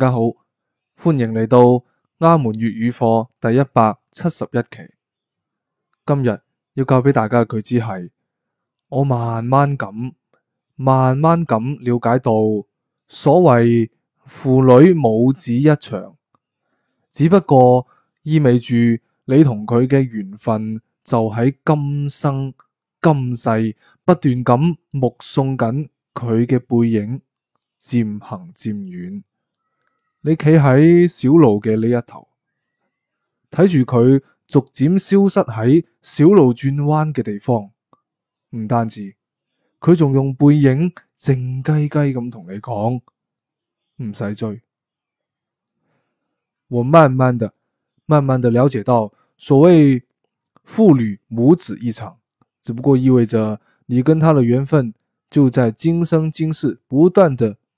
大家好，歡迎嚟到阿門粵語課第一百七十一期。今日要教俾大家嘅句子係：我慢慢咁，慢慢咁了解到所謂父女母子一場，只不過意味住你同佢嘅緣分就喺今生今世，不斷咁目送緊佢嘅背影，漸行漸遠。你企喺小路嘅呢一頭，睇住佢逐漸消失喺小路轉彎嘅地方，唔單止佢仲用背影靜雞雞咁同你講，唔使追。我慢慢的、慢慢的了解到，所謂父女母子一場，只不過意味着你跟他的緣分就在今生今世不斷的。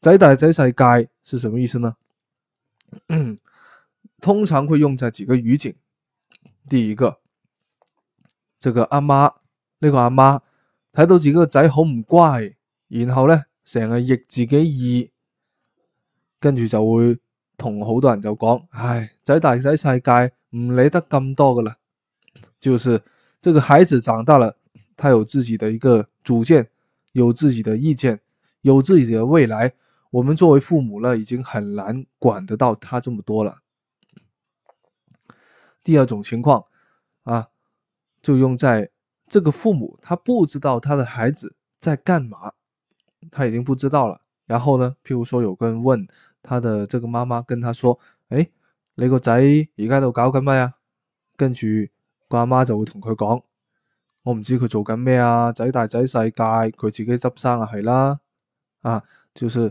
仔大仔世界是什麼意思呢？嗯、通常會用在幾個語境。第一個就，這個阿媽，呢個阿媽睇到自己個仔好唔乖，然後呢成日逆自己意，跟住就會同好多人就講：唉，仔大仔世界唔理得咁多噶啦。就是這個孩子長大了，他有自己的一個主見，有自己的意見，有自己的未來。我們作為父母呢，已經很難管得到他這麼多了。第二種情況，啊，就用在這個父母，他不知道他的孩子在幹嘛，他已經不知道了。然後呢，譬如說有個人問他的這個媽媽，跟他說：誒，你個仔而家喺度搞緊咩啊？跟住我阿媽就會同佢講：我唔知佢做緊咩啊，仔大仔世界，佢自己執生啊係啦，啊，就是。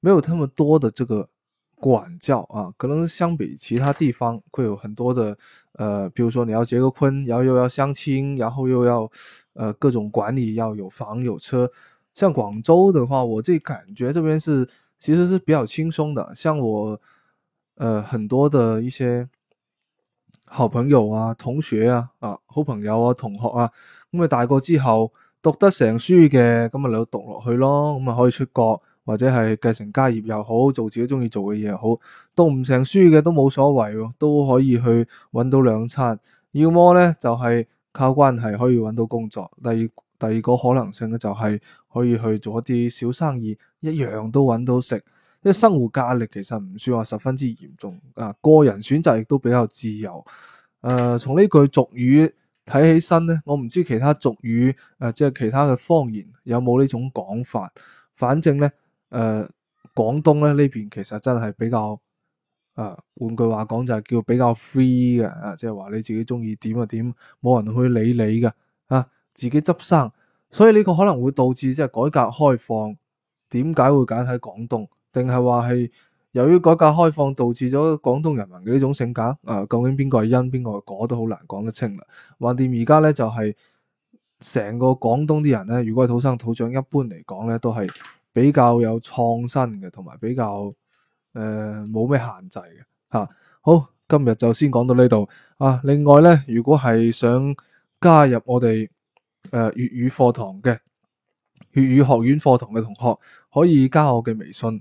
沒有那麼多的這個管教啊，可能相比其他地方會有很多的，呃，比如說你要結個婚，然後又要相親，然後又要，呃，各種管理要有房有車。像廣州的話，我自己感覺這邊是其實是比較輕鬆的。像我，呃，很多的一些好朋友啊、同學啊、啊好朋友啊、同學啊，咁啊大個之後讀得成書嘅，咁咪嚟到讀落去咯，咁咪可以出國。或者係繼承家業又好，做自己中意做嘅嘢又好，讀唔成書嘅都冇所謂，都可以去搵到兩餐。要麼咧就係、是、靠關係可以搵到工作。第二第二個可能性咧就係可以去做一啲小生意，一樣都搵到食。因為生活壓力其實唔算話十分之嚴重啊、呃，個人選擇亦都比較自由。誒、呃，從呢句俗語睇起身咧，我唔知其他俗語誒、呃，即係其他嘅方言有冇呢種講法。反正咧。誒，廣、呃、東咧呢邊其實真係比較誒，換、呃、句話講就係叫比較 free 嘅，啊、呃，即係話你自己中意點就點，冇人去理你嘅，啊、呃，自己執生，所以呢個可能會導致即係改革開放點解會揀喺廣東，定係話係由於改革開放導致咗廣東人民嘅呢種性格，啊、呃，究竟邊個係因邊個果都好難講得清啦，橫掂而家咧就係、是、成個廣東啲人咧，如果係土生土長，一般嚟講咧都係。比較有創新嘅，同埋比較誒冇咩限制嘅吓啊。好，今日就先講到呢度啊。另外咧，如果係想加入我哋誒粵語課堂嘅粵語學院課堂嘅同學，可以加我嘅微信。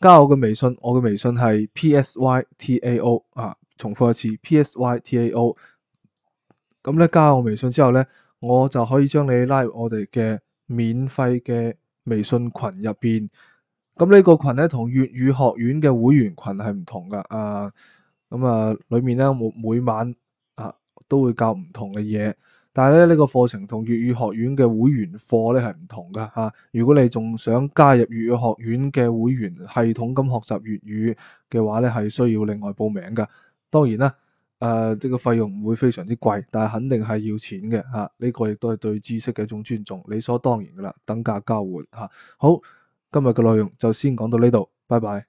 加我嘅微信，我嘅微信係 p s y t a o 啊。重複一次 p s y t a o 啊。咁咧加我微信之後咧，我就可以將你拉入我哋嘅免費嘅。微信群入邊，咁、這、呢個群咧同粵語學院嘅會員群係唔同噶，啊，咁啊裏面咧每每晚啊都會教唔同嘅嘢。但係咧呢個課程同粵語學院嘅會員課咧係唔同噶吓、啊。如果你仲想加入粵語學院嘅會員系統咁學習粵語嘅話咧，係需要另外報名噶。當然啦。誒，呢個費用唔會非常之貴，但係肯定係要錢嘅吓，呢個亦都係對知識嘅一種尊重，理所當然噶啦，等價交換吓。好，今日嘅內容就先講到呢度，拜拜。